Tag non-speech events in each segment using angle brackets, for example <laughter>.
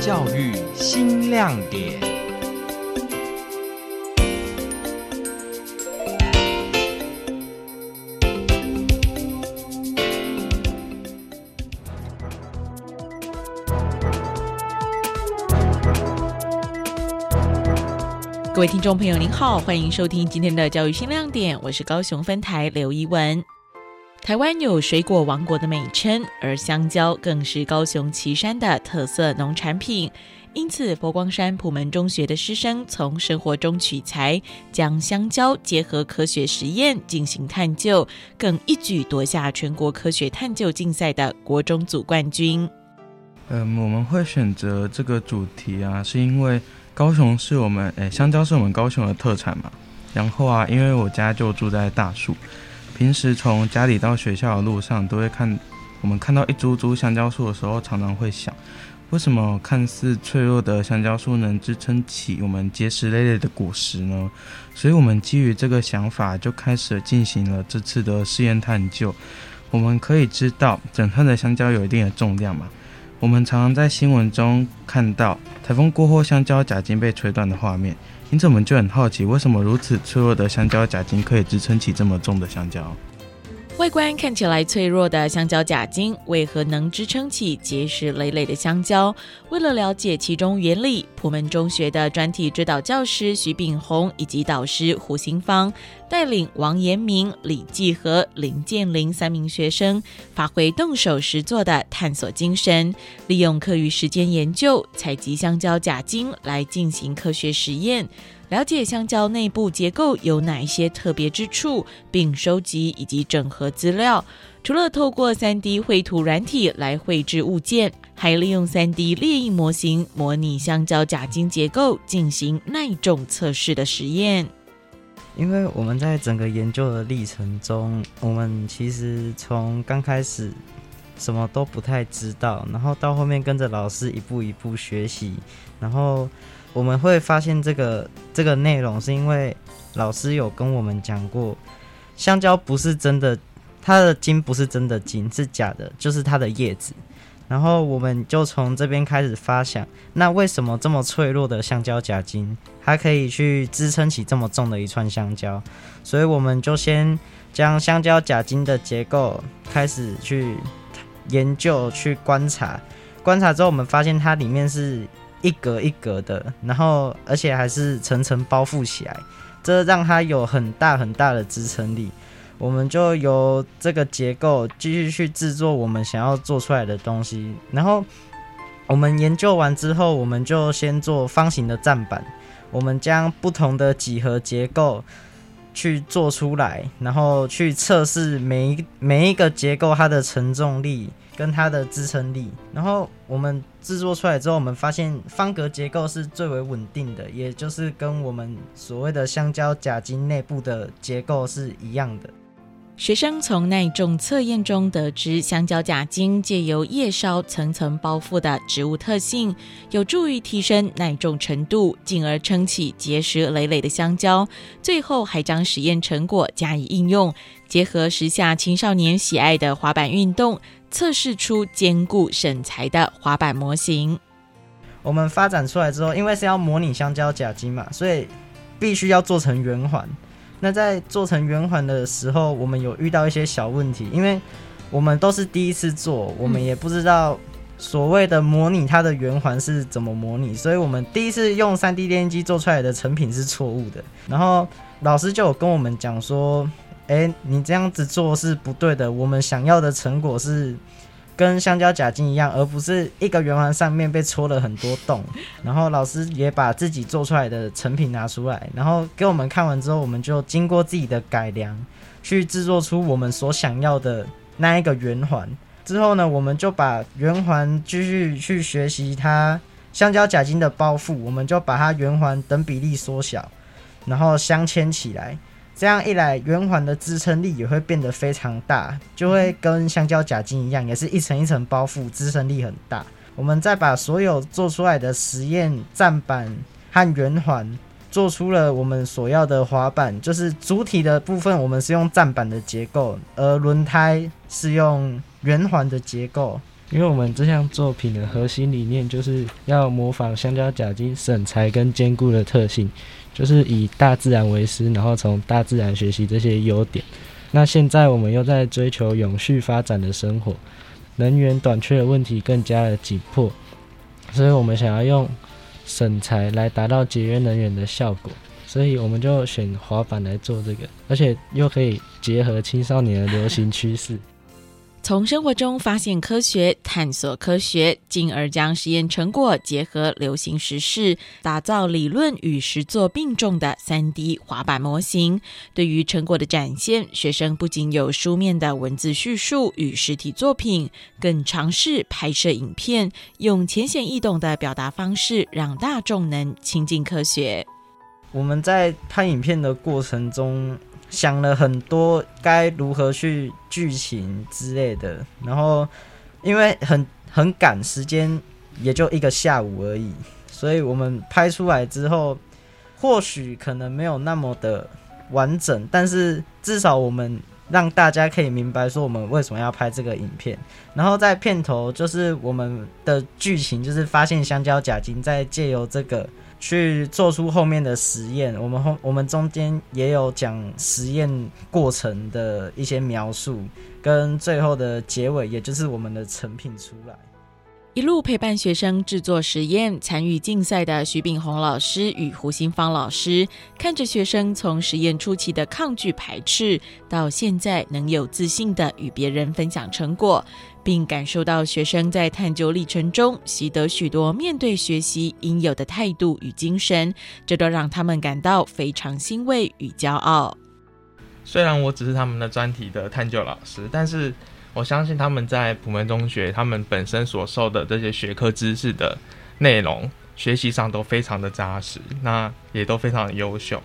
教育新亮點。各位聽眾朋友，您好，歡迎收聽今天的教育新亮點，我是高雄分台劉一文。台灣有水果王國的美稱，而香蕉更是高雄旗山的特色農產品。因此，佛光山普門中學的師生從生活中取材，將香蕉結合科學實驗進行探究，更一舉奪下全國科學探究競賽的國中組冠軍。嗯、呃，我們會選擇這個主題啊，是因為高雄是我們誒、欸，香蕉是我們高雄的特產嘛。然後啊，因為我家就住在大樹。平時從家裡到學校的路上，都會看我們看到一株株香蕉樹的時候，常常會想，為什麼看似脆弱的香蕉樹能支撐起我們結實累累的果實呢？所以，我們基於這個想法，就開始進行了這次的試驗探究。我們可以知道，整串的香蕉有一定的重量嘛。我們常常在新聞中看到台風過後香蕉假莖被吹斷的畫面，因此我們就很好奇，為什麼如此脆弱的香蕉假莖可以支撐起這麼重的香蕉。外觀看起來脆弱的香蕉假莖，為何能支撐起結實累累的香蕉？為了了解其中原理，普門中學的專題指導教師徐秉鴻以及導師胡馨方，帶領王言名、李霽和、林建霖三名學生，發揮動手實作的探索精神，利用課餘時間研究採集香蕉假莖來進行科學實驗。了解香蕉內部結構有哪一些特別之處，並收集以及整合資料。除了透過 3D 繪圖軟體來繪製物件，還利用 3D 列印模型模擬香蕉假莖結構，進行耐重測試的實驗。因為我們在整個研究的歷程中，我們其實從剛開始什麼都不太知道，然後到後面跟着老師一步一步學習，然後。我們會發現這個這個內容是因為老師有跟我們講過，香蕉不是真的，它的莖不是真的莖，是假的，就是它的葉子。然後我們就從這邊開始發想，那為什麼這麼脆弱的香蕉假莖還可以去支撐起這麼重的一串香蕉？所以我們就先將香蕉假莖的結構開始去研究、去觀察。觀察之後，我們發現它裡面是。一格一格的，然後而且還是層層包覆起來，這讓它有很大很大的支撐力。我們就由這個結構繼續去製作我們想要做出來的東西。然後我們研究完之後，我們就先做方形的站板。我們將不同的幾何結構，去做出來，然後去測試每一每一個結構它的承重力跟它的支撐力，然後我們制作出來之後，我們發現方格結構是最為穩定的，也就是跟我們所謂的香蕉假莖內部的結構是一樣的。學生從耐重測驗中得知，香蕉假莖借由葉梢層層包覆的植物特性，有助於提升耐重程度，進而撐起結實累累的香蕉。最後還將實驗成果加以應用，結合時下青少年喜愛的滑板運動，測試出堅固省材的滑板模型。我們發展出來之後，因為是要模擬香蕉假莖嘛，所以必須要做成圓環。那在做成圓環的時候，我們有遇到一些小問題，因為我們都是第一次做，我們也不知道所謂的模擬它的圓環是怎麼模擬，所以我們第一次用三 D 電機做出來的成品是錯誤的。然後老師就有跟我們講說：“哎、欸，你這樣子做是不對的，我們想要的成果是。”跟香蕉假莖一樣，而不是一個圓環上面被戳了很多洞。 <laughs> 然後老師也把自己做出來的成品拿出來，然後給我們看完之後，我們就經過自己的改良，去製作出我們所想要的那一個圓環。之後呢，我們就把圓環繼續去學習它香蕉假莖的包覆，我們就把它圓環等比例縮小，然後鑲嵌起來。這樣一來，圓環的支撐力也會變得非常大，就會跟香蕉假莖一樣，也是一層一層包覆，支撐力很大。我們再把所有做出來的實驗站板和圓環做出了我們所要的滑板，就是主體的部分，我們是用站板的結構，而輪胎是用圓環的結構。因為我們這項作品的核心理念就是要模仿香蕉假莖省材、跟堅固的特性，就是以大自然為師，然後從大自然學習這些優點。那現在我們又在追求永續發展的生活，能源短缺的問題更加的緊迫，所以我們想要用省材來達到節約能源的效果，所以我們就選滑板來做這個，而且又可以結合青少年的流行趨勢，從生活中發現科學。探索科學，進而將實驗成果結合流行時事，打造理論與實作並重的 3D 滑板模型。對於成果的展現，學生不僅有書面的文字敘述與實體作品，更嘗試拍攝影片，用淺顯易懂的表達方式，讓大眾能親近科學。我們在拍影片的過程中，想了很多該如何去劇情之類的，然後。因為很很趕時間，也就一個下午而已，所以我們拍出來之後，或許可能沒有那麼的完整，但是至少我們。讓大家可以明白說，我們為什麼要拍這個影片，然後在片頭就是我們的劇情，就是發現香蕉假莖，再借由這個去做出後面的實驗。我們後我們中間也有講實驗過程的一些描述，跟最後的結尾，也就是我們的成品出來。一路陪伴學生制作實驗、參與競賽的徐秉鴻老師與胡馨方老師，看着學生從實驗初期的抗拒排斥，到現在能有自信的與別人分享成果，並感受到學生在探究歷程中習得許多面對學習應有的態度與精神，這都讓他們感到非常欣慰與驕傲。雖然我只是他們的專題的探究老師，但是。我相信他們在普門中學，他們本身所受的這些學科知識的內容學習上都非常的扎實，那也都非常的優秀。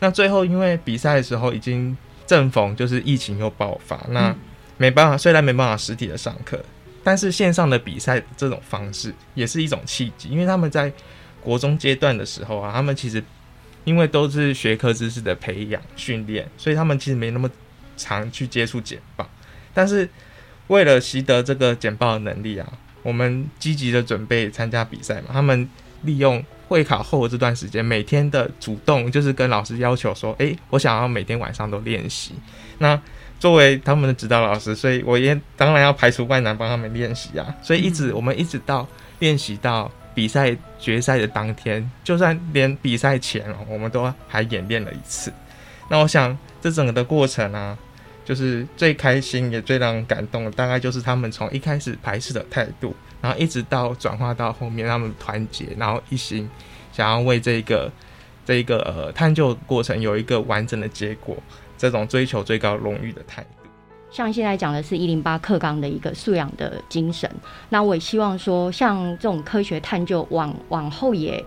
那最後，因為比賽的時候已經正逢就是疫情又爆發，那沒辦法，嗯、雖然沒辦法實體的上課，但是線上的比賽這種方式也是一種契機，因為他們在國中階段的時候啊，他們其實因為都是學科知識的培養訓練，所以他們其實沒那麼常去接觸簡報，但是。為了習得這個簡報的能力啊，我們積極的準備參加比賽嘛。他們利用會考後的這段時間，每天的主動就是跟老師要求說：“哎、欸，我想要每天晚上都練習。”那作為他們的指導老師，所以我也當然要排除萬難幫他們練習啊。所以一直、嗯、我們一直到練習到比賽決賽的當天，就算連比賽前、哦、我們都還演練了一次。那我想這整個的過程啊，就是最開心也最讓人感動的，大概就是他們從一開始排斥的態度，然後一直到轉化到後面，他們團結，然後一心想要為這個這一個呃探究過程有一個完整的結果，這種追求最高榮譽的態度。像現在講的是一零八課綱的一個素養的精神，那我也希望說，像這種科學探究往，往往後也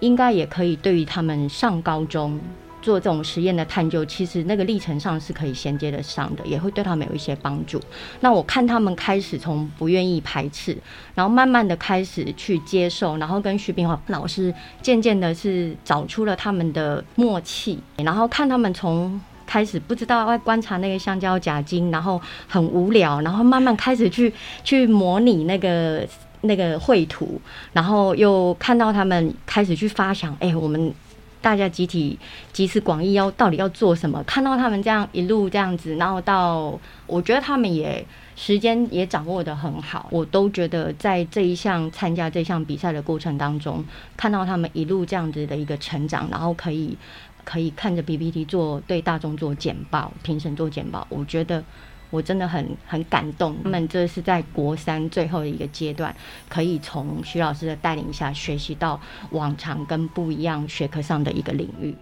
應該也可以對於他們上高中，做這種實驗的探究，其實那個歷程上是可以銜接得上的，也會對他們有一些幫助。那我看他們開始從不願意排斥，然後慢慢的開始去接受，然後跟徐秉鴻老師漸漸的是找出了他們的默契，然後看他們從開始不知道要觀察那個香蕉假莖，然後很無聊，然後慢慢開始去去模擬那個那個繪圖，然後又看到他們開始去發想，哎、欸，我們。大家集體集思廣益要，要到底要做什麼？看到他們這樣一路這樣子，然後到我覺得他們也時間也掌握得很好，我都覺得在這一項參加這項比賽的過程當中，看到他們一路這樣子的一個成長，然後可以可以看着 PPT 做對大眾做簡報，評審做簡報，我覺得。我真的很很感動，他們這是在國三最後的一個階段，可以從徐老師的帶領下學習到往常跟不一樣學科上的一個領域，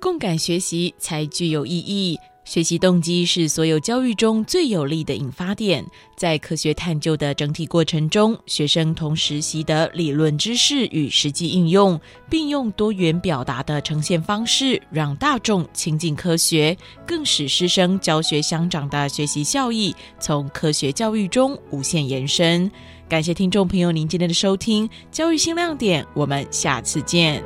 共感學習才具有意義。學習動機是所有教育中最有力的引發點。在科學探究的整體過程中，學生同時習得理論知識與實際應用，並用多元表達的呈現方式讓大眾親近科學，更使師生教學相長的學習效益從科學教育中無限延伸。感謝聽眾朋友您今天的收聽，教育新亮點，我們下次見。